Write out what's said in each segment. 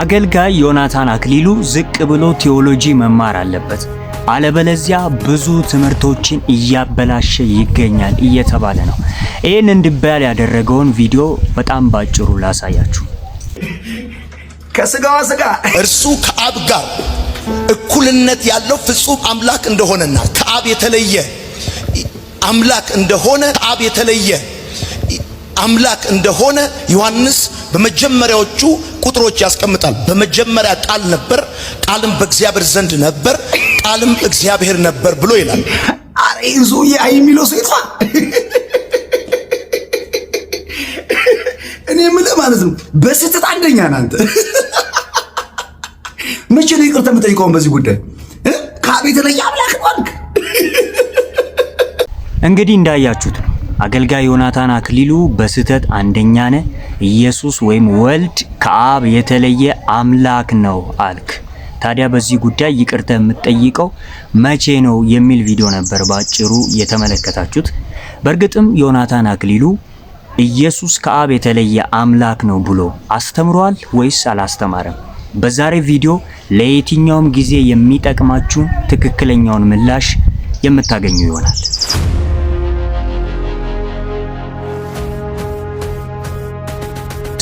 አገልጋይ ዮናታን አክሊሉ ዝቅ ብሎ ቴዎሎጂ መማር አለበት፣ አለበለዚያ ብዙ ትምህርቶችን እያበላሸ ይገኛል እየተባለ ነው። ይህን እንድባል ያደረገውን ቪዲዮ በጣም ባጭሩ ላሳያችሁ። ከስጋዋ ስጋ እርሱ ከአብ ጋር እኩልነት ያለው ፍጹም አምላክ እንደሆነና ከአብ የተለየ አምላክ እንደሆነ ከአብ የተለየ አምላክ እንደሆነ ዮሐንስ በመጀመሪያዎቹ ቁጥሮች ያስቀምጣል። በመጀመሪያ ቃል ነበር፣ ቃልም በእግዚአብሔር ዘንድ ነበር፣ ቃልም እግዚአብሔር ነበር ብሎ ይላል። አሬ ዞዬ የሚለው ሴቷ እኔ የምልህ ማለት ነው በስህተት አንደኛ ናንተ መቼ ነው ይቅርታ የምጠይቀውን በዚህ ጉዳይ ከአብ የተለየ አምላክ እንግዲህ እንዳያችሁት አገልጋይ ዮናታን አክሊሉ በስህተት አንደኛ ነ ኢየሱስ ወይም ወልድ ከአብ የተለየ አምላክ ነው አልክ። ታዲያ በዚህ ጉዳይ ይቅርተ የምትጠይቀው መቼ ነው የሚል ቪዲዮ ነበር ባጭሩ የተመለከታችሁት። በእርግጥም ዮናታን አክሊሉ ኢየሱስ ከአብ የተለየ አምላክ ነው ብሎ አስተምሯል ወይስ አላስተማረም? በዛሬ ቪዲዮ ለየትኛውም ጊዜ የሚጠቅማችሁ ትክክለኛውን ምላሽ የምታገኙ ይሆናል።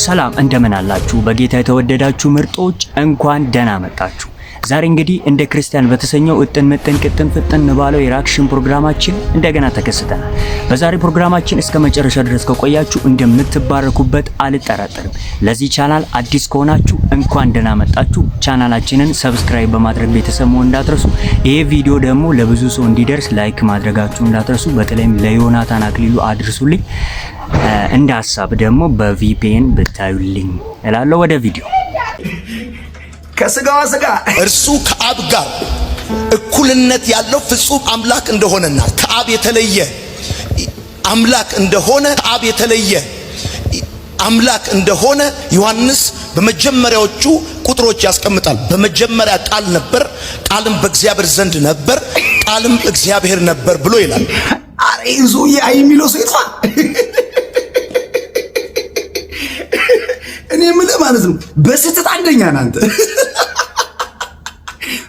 ሰላም እንደምን አላችሁ? በጌታ የተወደዳችሁ ምርጦች እንኳን ደህና መጣችሁ። ዛሬ እንግዲህ እንደ ክርስቲያን በተሰኘው እጥን ምጥን ቅጥን ፍጥን ባለው የሪአክሽን ፕሮግራማችን እንደገና ተከስተናል። በዛሬ ፕሮግራማችን እስከ መጨረሻ ድረስ ከቆያችሁ እንደምትባረኩበት አልጠራጠርም። ለዚህ ቻናል አዲስ ከሆናችሁ እንኳን ደህና መጣችሁ። ቻናላችንን ሰብስክራይብ በማድረግ ቤተሰብ መሆን እንዳትረሱ። ይሄ ቪዲዮ ደግሞ ለብዙ ሰው እንዲደርስ ላይክ ማድረጋችሁ እንዳትረሱ። በተለይም ለዮናታን አክሊሉ አድርሱልኝ። እንደ ሀሳብ ደግሞ በቪፒኤን ብታዩልኝ እላለሁ። ወደ ቪዲዮ ከስጋዋ ስጋ እርሱ ከአብ ጋር እኩልነት ያለው ፍጹም አምላክ እንደሆነና ከአብ የተለየ አምላክ እንደሆነ ከአብ የተለየ አምላክ እንደሆነ ዮሐንስ በመጀመሪያዎቹ ቁጥሮች ያስቀምጣል። በመጀመሪያ ቃል ነበር፣ ቃልም በእግዚአብሔር ዘንድ ነበር፣ ቃልም እግዚአብሔር ነበር ብሎ ይላል። አሬ ዙ የሚለው ሰው እኔ የምልህ ማለት ነው በስህተት አንደኛ ናንተ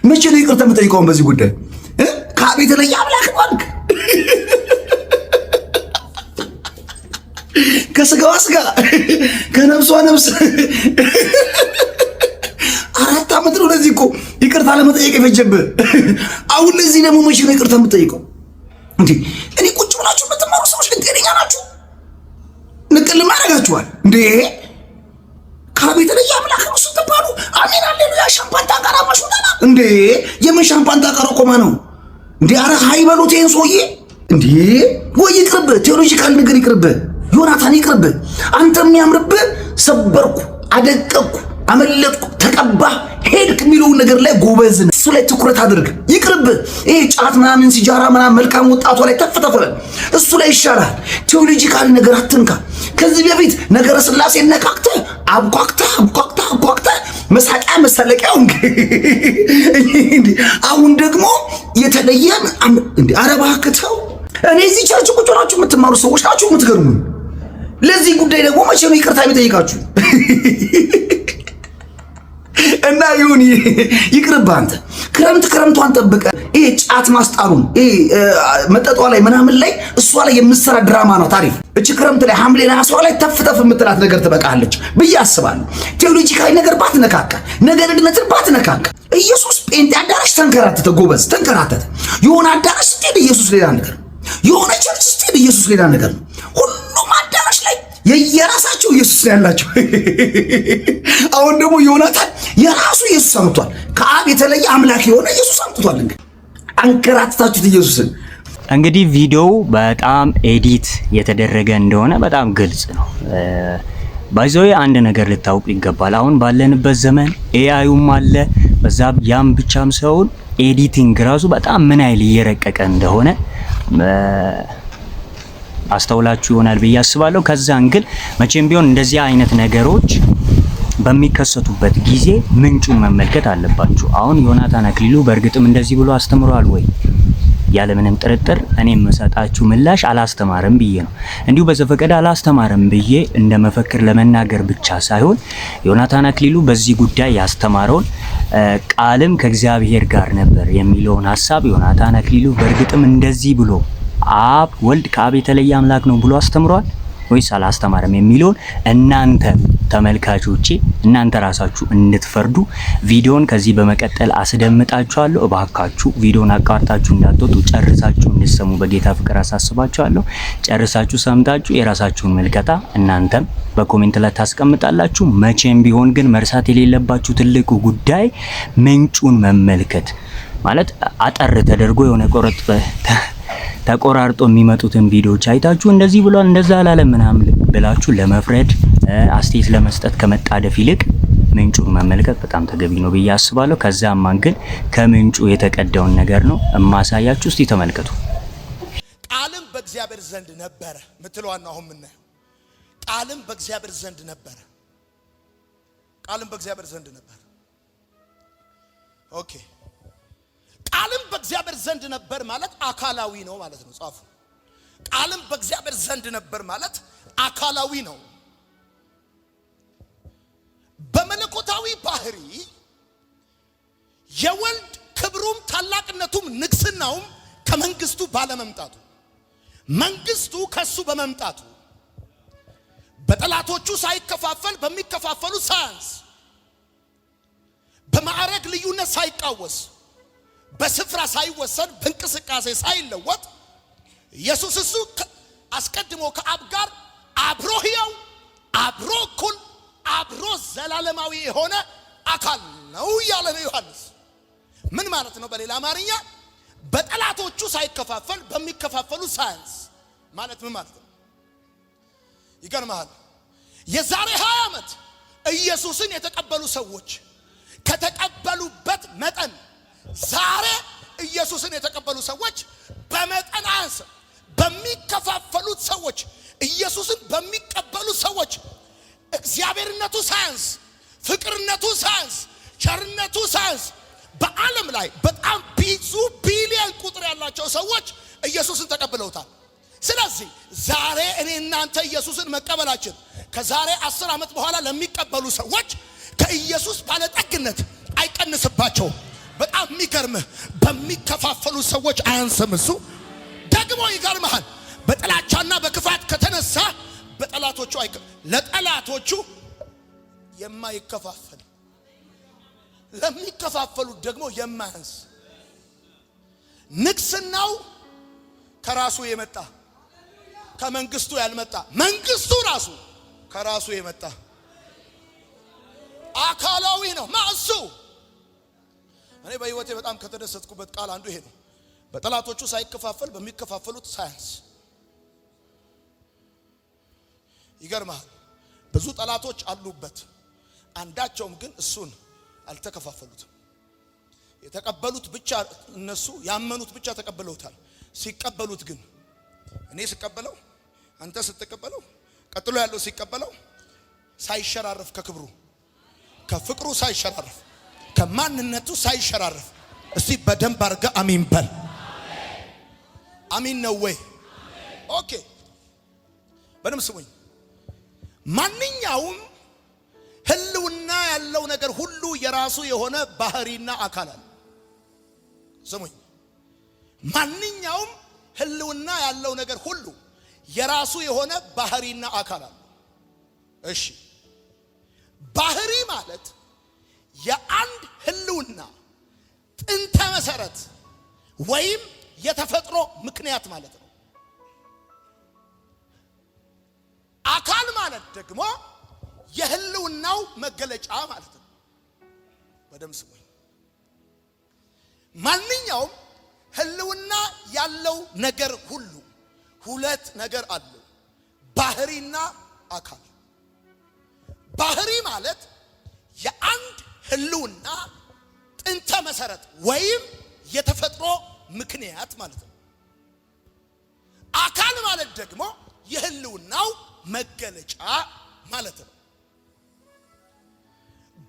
መቼ ነው ይቅርታ የምጠይቀውን በዚህ ጉዳይ? ከአቤት ላይ አምላክ ባንክ ከስጋዋ ስጋ ከነብሷ ነብስ አራት ዓመት ነው ለዚህ እኮ ይቅርታ ለመጠየቅ የፈጀብህ። አሁን ለዚህ ደግሞ መቼ ነው ይቅርታ የምጠይቀው? እንዴ እኔ ቁጭ ብላችሁ የምትማሩ ሰዎች ግን ጤነኛ ናችሁ? ንቅል ማድረጋችኋል እንዴ ሻምፓን ታቀራመሽ እንዴ? የምን ሻምፓን ነው እንዴ? አረ ሀይ በሉት ሰውዬ እንዴ! ወይ ይቅርብ፣ ቴዎሎጂካል ነገር ይቅርብ፣ ዮናታን ይቅርብ። አንተ የሚያምርብ ሰበርኩ፣ አደቀቅኩ፣ አመለጥኩ፣ ተቀባ፣ ሄድክ የሚለውን ነገር ላይ ጎበዝ ነው። እሱ ላይ ትኩረት አድርግ። ይቅርብ ይሄ ጫት ምናምን ሲጃራ ምናምን መልካም ወጣቶ ላይ ተፈተፈለ፣ እሱ ላይ ይሻላል። ቴዎሎጂካል ነገር አትንካ። ከዚህ በፊት ነገረ ስላሴ ነካክተ አብቋቅተ አብቋቅተ መሳቂያ መሳለቂያው እንግዲህ አሁን ደግሞ የተለየ እንደ አረባ ከተው እኔ እዚህ ቸርች ቁጭ ሆናችሁ የምትማሩ ሰዎች ናችሁ የምትገርሙኝ። ለዚህ ጉዳይ ደግሞ መቼ ነው ይቅርታ የሚጠይቃችሁ? እና ይሁን ይቅርብ። አንተ ክረምት ክረምቷን ጠብቀ ይሄ ጫት ማስጣሩን ይሄ መጠጧ ላይ ምናምን ላይ እሷ ላይ የምትሰራ ድራማ ነው ታሪፍ። እች ክረምት ላይ ሐምሌ ላይ እሷ ላይ ተፍተፍ የምትላት ነገር ትበቃለች ብዬ አስባለሁ። ቴዎሎጂካዊ ነገር ባትነካከ ነገር ድነትን ባትነካካ። ኢየሱስ ጴንጤ አዳራሽ ተንከራተተ፣ ጎበዝ ተንከራተተ። የሆነ አዳራሽ ስትሄድ ኢየሱስ ሌላ ነገር፣ የሆነ ቸርች ስትሄድ ኢየሱስ ሌላ ነገር ነው። የየራሳቸው ኢየሱስ ነው ያላቸው። አሁን ደግሞ ዮናታን የራሱ ኢየሱስ አምጥቷል። ከአብ የተለየ አምላክ የሆነ ኢየሱስ አምጥቷል። እንግዲህ አንከራትታችሁት ኢየሱስን። እንግዲህ ቪዲዮው በጣም ኤዲት የተደረገ እንደሆነ በጣም ግልጽ ነው። ባይዘዌ አንድ ነገር ልታውቅ ይገባል። አሁን ባለንበት ዘመን ኤአዩም አለ በዛ ያም ብቻም ሰውን ኤዲቲንግ ራሱ በጣም ምን ያህል እየረቀቀ እንደሆነ አስተውላችሁ ይሆናል ብዬ አስባለሁ። ከዛን ግን መቼም ቢሆን እንደዚህ አይነት ነገሮች በሚከሰቱበት ጊዜ ምንጩን መመልከት አለባችሁ። አሁን ዮናታን አክሊሉ በእርግጥም እንደዚህ ብሎ አስተምሯል ወይ? ያለምንም ጥርጥር እኔ የምሰጣችሁ ምላሽ አላስተማርም ብዬ ነው። እንዲሁ በዘፈቀደ አላስተማርም ብዬ እንደ መፈክር ለመናገር ብቻ ሳይሆን ዮናታን አክሊሉ በዚህ ጉዳይ ያስተማረውን ቃልም ከእግዚአብሔር ጋር ነበር የሚለውን ሀሳብ ዮናታን አክሊሉ በእርግጥም እንደዚህ ብሎ አብ ወልድ ከአብ የተለየ አምላክ ነው ብሎ አስተምሯል ወይስ አላስተማረም የሚለውን እናንተ ተመልካቾቼ እናንተ ራሳችሁ እንድትፈርዱ ቪዲዮን ከዚህ በመቀጠል አስደምጣችኋለሁ። እባካችሁ ቪዲዮን አቋርጣችሁ እንዳትወጡ ጨርሳችሁ እንድትሰሙ በጌታ ፍቅር አሳስባችኋለሁ። ጨርሳችሁ ሰምታችሁ የራሳችሁን ምልከታ እናንተም በኮሜንት ላይ ታስቀምጣላችሁ። መቼም ቢሆን ግን መርሳት የሌለባችሁ ትልቁ ጉዳይ ምንጩን መመልከት ማለት አጠር ተደርጎ የሆነ ቆረጥ ተቆራርጦ የሚመጡትን ቪዲዮዎች አይታችሁ እንደዚህ ብሏል እንደዛ አላለም ምናምን ብላችሁ ለመፍረድ አስተያየት ለመስጠት ከመጣደፍ ይልቅ ምንጩን መመልከት በጣም ተገቢ ነው ብዬ አስባለሁ። ከዛም ግን ከምንጩ የተቀዳውን ነገር ነው እማሳያችሁ። እስቲ ተመልከቱ። ቃልም በእግዚአብሔር ዘንድ ነበረ ምትለዋና አሁን ምናየው ቃልም በእግዚአብሔር ዘንድ ነበረ ቃልም በእግዚአብሔር ዘንድ ነበረ ኦኬ ቃልም በእግዚአብሔር ዘንድ ነበር ማለት አካላዊ ነው ማለት ነው። ጻፉ። ቃልም በእግዚአብሔር ዘንድ ነበር ማለት አካላዊ ነው። በመለኮታዊ ባህሪ የወልድ ክብሩም ታላቅነቱም ንግስናውም ከመንግስቱ ባለመምጣቱ መንግስቱ ከሱ በመምጣቱ በጠላቶቹ ሳይከፋፈል በሚከፋፈሉ ሳያንስ በማዕረግ ልዩነት ሳይቃወስ በስፍራ ሳይወሰን በእንቅስቃሴ ሳይለወጥ ኢየሱስ እሱ አስቀድሞ ከአብ ጋር አብሮ ሕያው አብሮ እኩል አብሮ ዘላለማዊ የሆነ አካል ነው እያለ ነው ዮሐንስ። ምን ማለት ነው? በሌላ አማርኛ በጠላቶቹ ሳይከፋፈል በሚከፋፈሉ ሳያንስ ማለት ምን ማለት ነው? ይገርመሃል። የዛሬ 20 ዓመት ኢየሱስን የተቀበሉ ሰዎች ከተቀበሉበት መጠን ዛሬ ኢየሱስን የተቀበሉ ሰዎች በመጠን አንስ በሚከፋፈሉት ሰዎች ኢየሱስን በሚቀበሉ ሰዎች እግዚአብሔርነቱ ሳያንስ፣ ፍቅርነቱ ሳያንስ፣ ቸርነቱ ሳያንስ በዓለም ላይ በጣም ብዙ ቢሊዮን ቁጥር ያላቸው ሰዎች ኢየሱስን ተቀብለውታል። ስለዚህ ዛሬ እኔ እናንተ ኢየሱስን መቀበላችን ከዛሬ አስር ዓመት በኋላ ለሚቀበሉ ሰዎች ከኢየሱስ ባለጠግነት አይቀንስባቸውም። የሚገርምህ በሚከፋፈሉ ሰዎች አያንስም። እሱ ደግሞ ይገርምሃል። በጥላቻና በክፋት ከተነሳ በጠላቶቹ ለጠላቶቹ የማይከፋፈል ለሚከፋፈሉት ደግሞ የማያንስ ንግስናው ከራሱ የመጣ ከመንግስቱ ያልመጣ መንግስቱ ራሱ ከራሱ የመጣ አካላዊ ነው ማሱ እኔ በህይወቴ በጣም ከተደሰትኩበት ቃል አንዱ ይሄ ነው። በጠላቶቹ ሳይከፋፈል በሚከፋፈሉት ሳያንስ። ይገርማል። ብዙ ጠላቶች አሉበት፣ አንዳቸውም ግን እሱን አልተከፋፈሉትም። የተቀበሉት ብቻ እነሱ ያመኑት ብቻ ተቀብለውታል። ሲቀበሉት ግን እኔ ስቀበለው፣ አንተ ስትቀበለው፣ ቀጥሎ ያለው ሲቀበለው ሳይሸራረፍ ከክብሩ ከፍቅሩ ሳይሸራረፍ ከማንነቱ ሳይሸራረፍ እስቲ በደንብ አድርገ አሚን በል። አሚን ነው ወይ? ኦኬ፣ በደንብ ስሙኝ። ማንኛውም ህልውና ያለው ነገር ሁሉ የራሱ የሆነ ባህሪና አካል አለ። ስሙኝ። ማንኛውም ህልውና ያለው ነገር ሁሉ የራሱ የሆነ ባህሪና አካል አለ። እሺ፣ ባህሪ ማለት የአንድ ህልውና ጥንተ መሰረት ወይም የተፈጥሮ ምክንያት ማለት ነው። አካል ማለት ደግሞ የህልውናው መገለጫ ማለት ነው። በደም ስሙ ማንኛውም ህልውና ያለው ነገር ሁሉ ሁለት ነገር አለው፣ ባህሪና አካል። ባህሪ ማለት የአንድ ህልውና ጥንተ መሰረት ወይም የተፈጥሮ ምክንያት ማለት ነው። አካል ማለት ደግሞ የህልውናው መገለጫ ማለት ነው።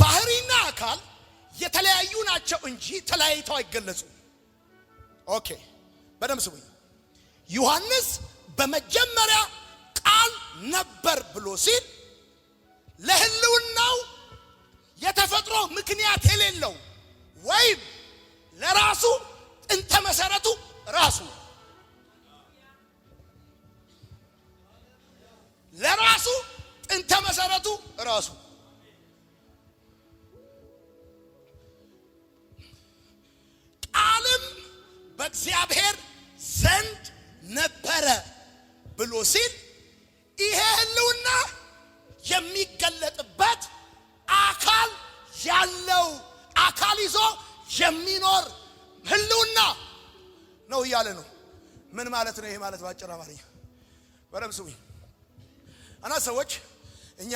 ባህሪና አካል የተለያዩ ናቸው እንጂ ተለያይተው አይገለጹም። ኦኬ፣ በደምብ ስሙኝ። ዮሐንስ በመጀመሪያ ቃል ነበር ብሎ ሲል ለህልውናው የተፈጥሮ ምክንያት የሌለው ወይም ለራሱ ጥንተ መሰረቱ ራሱ ለራሱ ጥንተ መሰረቱ ራሱ ቃልም በእግዚአብሔር ዘንድ ነበረ ብሎ ሲል ይሄ ህልውና የሚገለጥ ቃል ይዞ የሚኖር ህልውና ነው እያለ ነው። ምን ማለት ነው? ይሄ ማለት በአጭር አማርኛ በደምብ ስሙኝ እና ሰዎች እኛ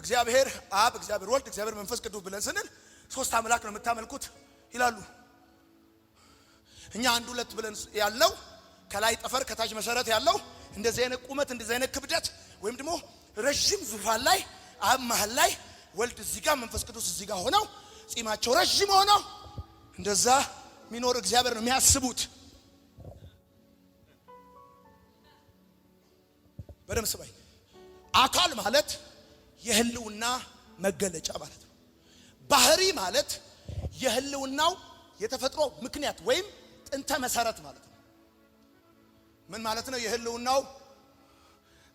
እግዚአብሔር አብ፣ እግዚአብሔር ወልድ፣ እግዚአብሔር መንፈስ ቅዱስ ብለን ስንል ሶስት አምላክ ነው የምታመልኩት ይላሉ። እኛ አንድ ሁለት ብለን ያለው ከላይ ጠፈር ከታች መሰረት ያለው እንደዚህ አይነት ቁመት እንደዚህ አይነት ክብደት ወይም ደግሞ ረዥም ዙፋን ላይ አብ መሀል ላይ ወልድ እዚህ ጋር መንፈስ ቅዱስ እዚህ ጋር ሆነው ጺማቸው ረዥም ሆኖ እንደዛ የሚኖር እግዚአብሔር ነው የሚያስቡት። በደምስ ባይ አካል ማለት የህልውና መገለጫ ማለት ነው። ባህሪ ማለት የህልውናው የተፈጥሮ ምክንያት ወይም ጥንተ መሰረት ማለት ነው። ምን ማለት ነው? የህልውናው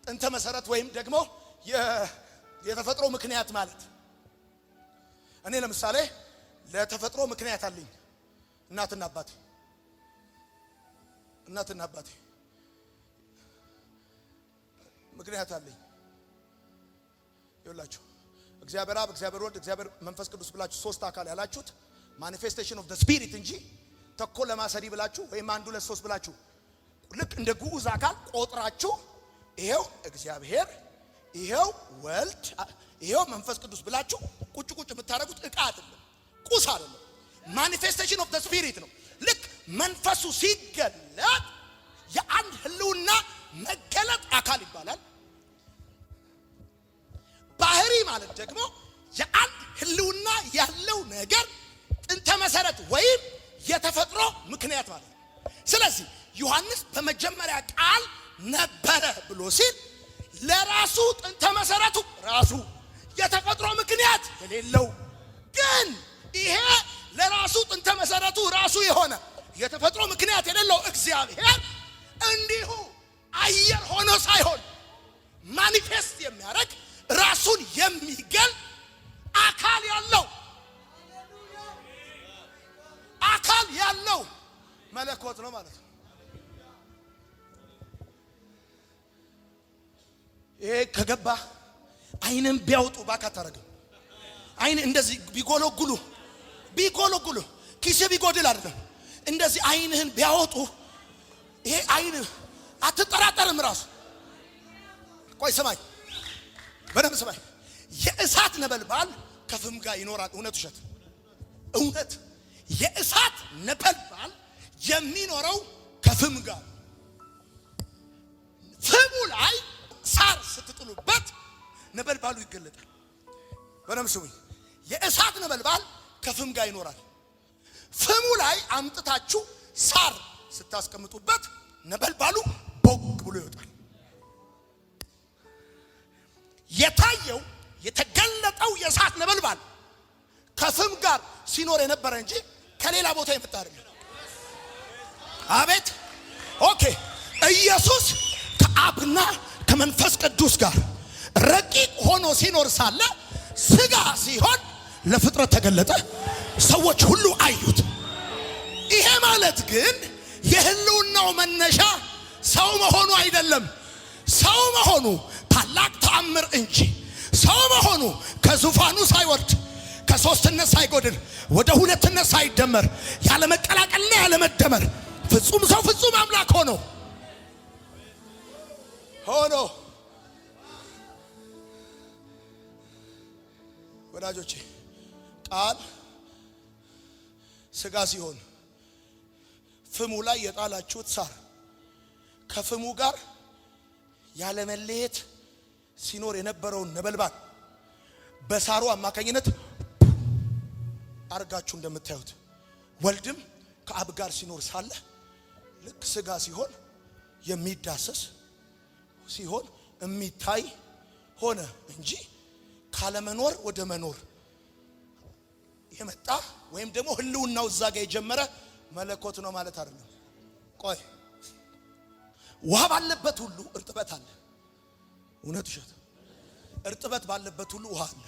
ጥንተ መሰረት ወይም ደግሞ የተፈጥሮ ምክንያት ማለት እኔ ለምሳሌ ለተፈጥሮ ምክንያት አለኝ። እናትና አባቴ እናትና አባቴ ምክንያት አለኝ። ይኸውላችሁ እግዚአብሔር አብ፣ እግዚአብሔር ወልድ፣ እግዚአብሔር መንፈስ ቅዱስ ብላችሁ ሶስት አካል ያላችሁት ማኒፌስቴሽን ኦፍ ዘ ስፒሪት እንጂ ተኮ ለማሰሪ ብላችሁ ወይም አንድ ለሶስት ብላችሁ ልክ እንደ ግዑዝ አካል ቆጥራችሁ ይሄው እግዚአብሔር፣ ይሄው ወልድ፣ ይሄው መንፈስ ቅዱስ ብላችሁ ቁጭ ቁጭ የምታደርጉት እቃ አይደለም፣ ቁስ አይደለም። ማኒፌስቴሽን ኦፍ ዘ ስፒሪት ነው። ልክ መንፈሱ ሲገለጥ የአንድ ህልውና መገለጥ አካል ይባላል። ባህሪ ማለት ደግሞ የአንድ ህልውና ያለው ነገር ጥንተ መሰረት ወይም የተፈጥሮ ምክንያት ማለት ነው። ስለዚህ ዮሐንስ በመጀመሪያ ቃል ነበረ ብሎ ሲል ለራሱ ጥንተ መሰረቱ ራሱ የተፈጥሮ ምክንያት የሌለው ግን ይሄ ለራሱ ጥንተ መሰረቱ ራሱ የሆነ የተፈጥሮ ምክንያት የሌለው እግዚአብሔር እንዲሁ አየር ሆኖ ሳይሆን ማኒፌስት የሚያደርግ ራሱን የሚገል አካል ያለው አካል ያለው መለኮት ነው ማለት ነው። ይሄ ከገባ አይንን ቢያውጡ ባካ አታረግም። አይን እንደዚህ ቢጎለጉሉ ቢጎለጉሉ ኪሴ ቢጎድል አይደለም እንደዚህ አይንህን ቢያወጡ ይሄ አይን አትጠራጠርም። ራሱ ቆይ ስማኝ፣ በደንብ ስማኝ። የእሳት ነበልባል ከፍም ጋር ይኖራል። እውነት ውሸት? እውነት። የእሳት ነበልባል የሚኖረው ከፍም ጋር ፍሙ ላይ ሳር ስትጥሉበት ነበልባሉ ይገለጣል። በደምብ ስሙ የእሳት ነበልባል ከፍም ጋር ይኖራል። ፍሙ ላይ አምጥታችሁ ሳር ስታስቀምጡበት ነበልባሉ ቦግ ብሎ ይወጣል። የታየው የተገለጠው የእሳት ነበልባል ከፍም ጋር ሲኖር የነበረ እንጂ ከሌላ ቦታ የመጣ አይደለም። አቤት ኦኬ። ኢየሱስ ከአብና ከመንፈስ ቅዱስ ጋር ሆኖ ሲኖር ሳለ ስጋ ሲሆን ለፍጥረት ተገለጠ፣ ሰዎች ሁሉ አዩት። ይሄ ማለት ግን የህልውናው መነሻ ሰው መሆኑ አይደለም። ሰው መሆኑ ታላቅ ተአምር እንጂ ሰው መሆኑ ከዙፋኑ ሳይወርድ ከሶስትነት ሳይጎድል ወደ ሁለትነት ሳይደመር ያለመቀላቀልና ያለመደመር ፍጹም ሰው ፍጹም አምላክ ሆኖ ሆኖ ወዳጆቼ ቃል ስጋ ሲሆን ፍሙ ላይ የጣላችሁት ሳር ከፍሙ ጋር ያለመለየት ሲኖር የነበረውን ነበልባል በሳሩ አማካኝነት አርጋችሁ እንደምታዩት ወልድም ከአብ ጋር ሲኖር ሳለ ልክ ስጋ ሲሆን የሚዳሰስ ሲሆን የሚታይ ሆነ እንጂ ካለመኖር ወደ መኖር የመጣ ወይም ደግሞ ህልውናው እዛ ጋር የጀመረ መለኮት ነው ማለት አይደለም። ቆይ ውሃ ባለበት ሁሉ እርጥበት አለ። እውነት ውሸት? እርጥበት ባለበት ሁሉ ውሃ አለ።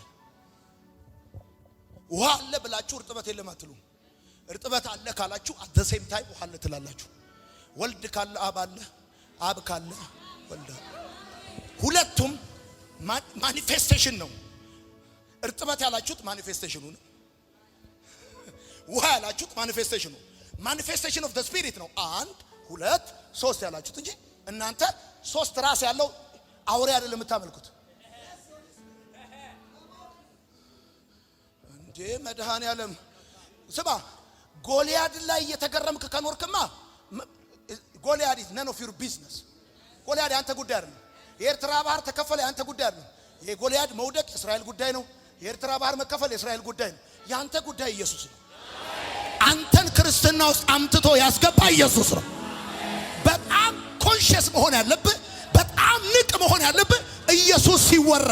ውሃ አለ ብላችሁ እርጥበት የለም አትሉ። እርጥበት አለ ካላችሁ አት ሴም ታይም ውሃ አለ ትላላችሁ። ወልድ ካለ አብ አለ፣ አብ ካለ ወልድ ሁለቱም ማኒፌስቴሽን ነው። እርጥበት ያላችሁት ማኒፌስቴሽኑ ነው። ውሃ ያላችሁት ማኒፌስቴሽኑ ማኒፌስቴሽን ኦፍ ዘ ስፒሪት ነው። አንድ ሁለት ሶስት ያላችሁት እንጂ እናንተ ሶስት ራስ ያለው አውሬ አይደለም የምታመልኩት። እንዴ መድኃኔዓለም ስማ፣ ጎልያድ ላይ እየተገረምክ ከኖርክማ ጎልያድ ኢዝ ነን ኦፍ ዩር ቢዝነስ። ጎልያድ ያንተ ጉዳይ አይደለም። የኤርትራ ባህር ተከፈለ ያንተ ጉዳይ አይደለም። የጎልያድ መውደቅ እስራኤል ጉዳይ ነው። የኤርትራ ባህር መከፈል የእስራኤል ጉዳይ ነው። የአንተ ጉዳይ ኢየሱስ ነው። አንተን ክርስትና ውስጥ አምጥቶ ያስገባ ኢየሱስ ነው። በጣም ኮንሽስ መሆን ያለብህ፣ በጣም ንቅ መሆን ያለብህ ኢየሱስ ሲወራ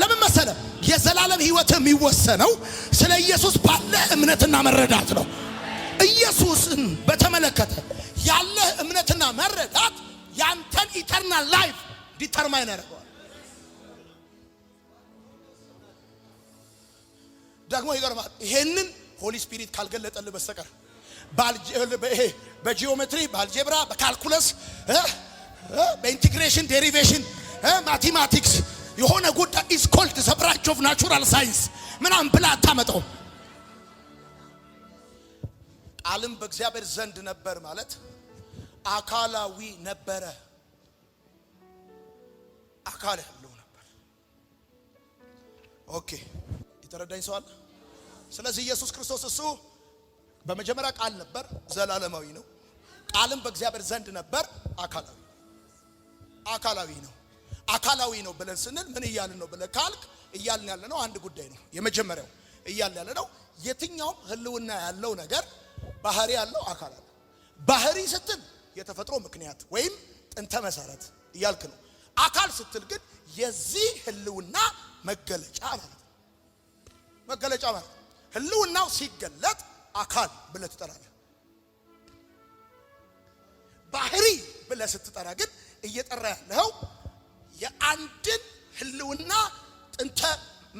ለምን መሰለ? የዘላለም ህይወት የሚወሰነው ስለ ኢየሱስ ባለ እምነትና መረዳት ነው። ኢየሱስን በተመለከተ ያለህ እምነትና መረዳት ያንተን ኢተርናል ላይፍ ዲተርማይን ያደርገዋል። ደግሞ ይገርማል። ይሄንን ሆሊ ስፒሪት ካልገለጠልህ በስተቀር በጂኦሜትሪ በአልጀብራ በካልኩለስ በኢንቲግሬሽን ዴሪቬሽን ማቴማቲክስ የሆነ ጉዳይ ኢዝ ኮልድ ዘ ብራንች ኦፍ ናቹራል ሳይንስ ምናምን ብላ አታመጠው። ቃልም በእግዚአብሔር ዘንድ ነበር ማለት አካላዊ ነበረ፣ አካል ያለው ነበር። ኦኬ የተረዳኝ ሰው አለ። ስለዚህ ኢየሱስ ክርስቶስ እሱ በመጀመሪያ ቃል ነበር፣ ዘላለማዊ ነው። ቃልም በእግዚአብሔር ዘንድ ነበር፣ አካላዊ አካላዊ ነው። አካላዊ ነው ብለን ስንል ምን እያልን ነው ብለን ካልክ እያልን ያለ ነው አንድ ጉዳይ ነው። የመጀመሪያው እያልን ያለ ነው የትኛውም ህልውና ያለው ነገር ባህሪ ያለው አካል አለ። ባህሪ ስትል የተፈጥሮ ምክንያት ወይም ጥንተ መሰረት እያልክ ነው። አካል ስትል ግን የዚህ ህልውና መገለጫ ማለት ነው። መገለጫ ማለት ነው። ህልውናው ሲገለጥ አካል ብለህ ትጠራለህ። ባህሪ ብለ ስትጠራ ግን እየጠራ ያለው የአንድን ህልውና ጥንተ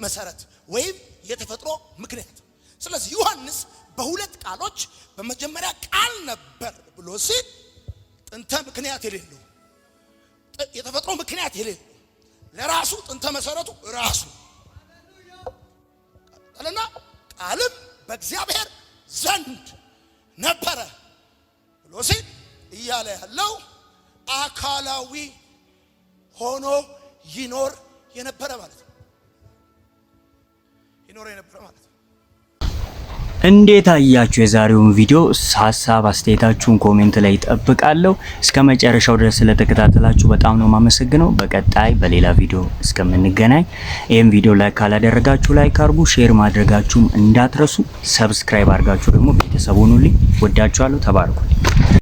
መሰረት ወይም የተፈጥሮ ምክንያት። ስለዚህ ዮሐንስ በሁለት ቃሎች በመጀመሪያ ቃል ነበር ብሎ ሲል ጥንተ ምክንያት የሌለው የተፈጥሮ ምክንያት የሌለው ለራሱ ጥንተ መሰረቱ ራሱ አለና ቃልም በእግዚአብሔር ዘንድ ነበረ ብሎ ሲል እያለ ያለው አካላዊ ሆኖ ይኖር የነበረ ማለት ነው። ይኖር የነበረ ማለት ነው። እንዴት አያችሁ የዛሬውን ቪዲዮ? ሀሳብ አስተያየታችሁን ኮሜንት ላይ ይጠብቃለሁ። እስከ መጨረሻው ድረስ ስለተከታተላችሁ በጣም ነው የማመሰግነው። በቀጣይ በሌላ ቪዲዮ እስከምንገናኝ ይህም ቪዲዮ ላይ ካላደረጋችሁ ላይክ አድርጉ፣ ሼር ማድረጋችሁም እንዳትረሱ፣ ሰብስክራይብ አድርጋችሁ ደግሞ ቤተሰቡን ሁሉ ወዳችኋለሁ። ተባርኩ።